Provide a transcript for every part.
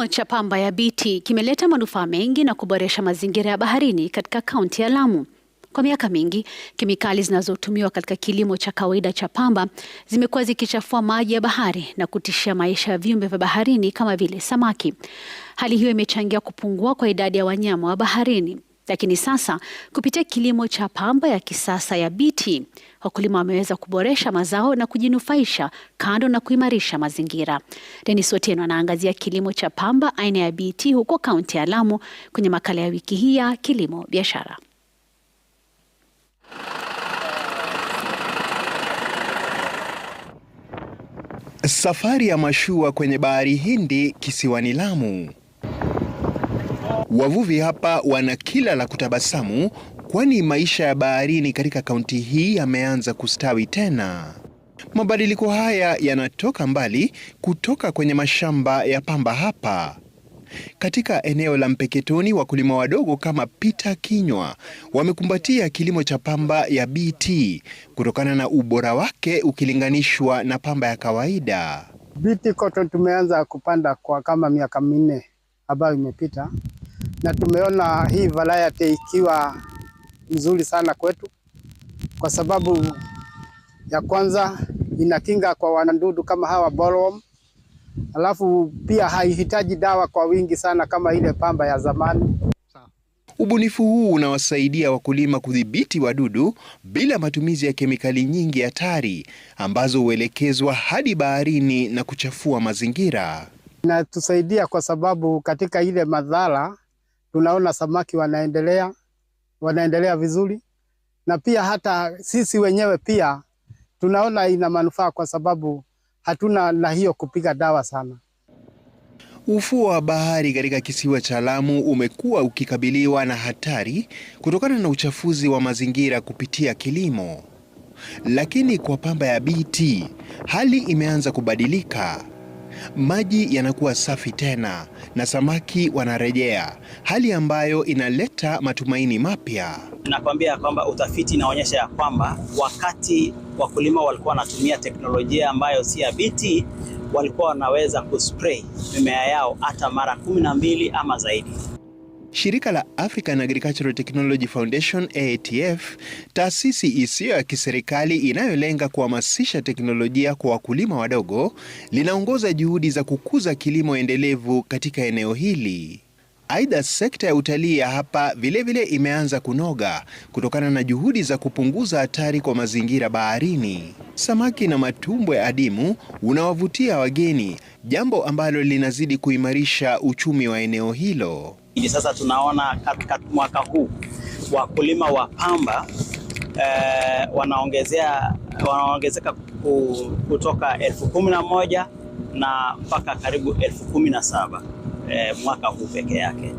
Kilimo cha pamba ya biti kimeleta manufaa mengi na kuboresha mazingira ya baharini katika kaunti ya Lamu. Kwa miaka mingi, kemikali zinazotumiwa katika kilimo cha kawaida cha pamba zimekuwa zikichafua maji ya bahari na kutishia maisha ya viumbe vya baharini kama vile samaki. Hali hiyo imechangia kupungua kwa idadi ya wanyama wa baharini. Lakini sasa kupitia kilimo cha pamba ya kisasa ya biti, wakulima wameweza kuboresha mazao na kujinufaisha kando na kuimarisha mazingira. Dennis Otieno anaangazia kilimo cha pamba aina ya biti huko kaunti ya Lamu kwenye makala ya wiki hii ya Kilimo Biashara. Safari ya mashua kwenye bahari Hindi kisiwani Lamu Wavuvi hapa wana kila la kutabasamu, kwani maisha ya baharini katika kaunti hii yameanza kustawi tena. Mabadiliko haya yanatoka mbali, kutoka kwenye mashamba ya pamba hapa katika eneo la Mpeketoni, wakulima wadogo kama Peter Kinywa wamekumbatia kilimo cha pamba ya BT kutokana na ubora wake ukilinganishwa na pamba ya kawaida. BT cotton tumeanza kupanda kwa kama miaka minne ambayo imepita, na tumeona hii variety ikiwa mzuri sana kwetu, kwa sababu ya kwanza inakinga kwa wanadudu kama hawa bollworm, alafu pia haihitaji dawa kwa wingi sana kama ile pamba ya zamani. Ubunifu huu unawasaidia wakulima kudhibiti wadudu bila matumizi ya kemikali nyingi hatari ambazo huelekezwa hadi baharini na kuchafua mazingira. Inatusaidia kwa sababu katika ile madhara tunaona samaki wanaendelea wanaendelea vizuri, na pia hata sisi wenyewe pia tunaona ina manufaa kwa sababu hatuna na hiyo kupiga dawa sana. Ufuo wa bahari katika kisiwa cha Lamu umekuwa ukikabiliwa na hatari kutokana na uchafuzi wa mazingira kupitia kilimo, lakini kwa pamba ya BT hali imeanza kubadilika maji yanakuwa safi tena na samaki wanarejea, hali ambayo inaleta matumaini mapya. Nakwambia kwamba utafiti inaonyesha ya kwamba wakati wakulima walikuwa wanatumia teknolojia ambayo si thabiti, walikuwa wanaweza kuspray mimea yao hata mara kumi na mbili ama zaidi. Shirika la African Agricultural Technology Foundation AATF, taasisi isiyo ya kiserikali inayolenga kuhamasisha teknolojia kwa wakulima wadogo, linaongoza juhudi za kukuza kilimo endelevu katika eneo hili. Aidha, sekta ya utalii ya hapa vilevile vile imeanza kunoga kutokana na juhudi za kupunguza hatari kwa mazingira baharini. Samaki na matumbo ya adimu unawavutia wageni, jambo ambalo linazidi kuimarisha uchumi wa eneo hilo. Hivi sasa tunaona katika mwaka huu wakulima wa pamba eh, wanaongezea wanaongezeka kutoka elfu kumi na moja na mpaka karibu elfu kumi na saba eh, mwaka huu peke yake.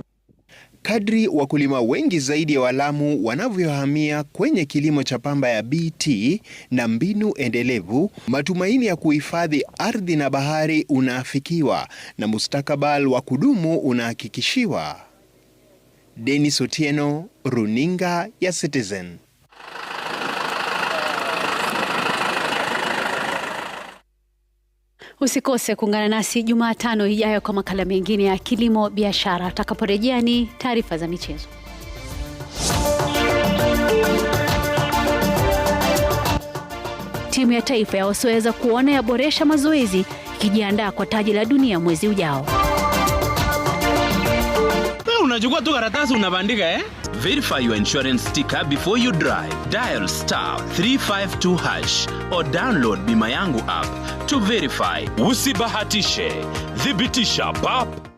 Kadri wakulima wengi zaidi ya Walamu wanavyohamia kwenye kilimo cha pamba ya BT na mbinu endelevu, matumaini ya kuhifadhi ardhi na bahari unaafikiwa na mustakabali wa kudumu unahakikishiwa. Dennis Otieno, Runinga ya Citizen. Usikose kuungana nasi Jumatano ijayo kwa makala mengine ya kilimo biashara. Utakaporejea ni taarifa za michezo. Timu ya taifa ya wasioweza kuona yaboresha mazoezi ikijiandaa kwa taji la dunia mwezi ujao unachukua tu karatasi unabandika eh? Verify your insurance sticker before you drive. Dial star 352 hash or download Bima Yangu app to verify. Usibahatishe, thibitisha pap.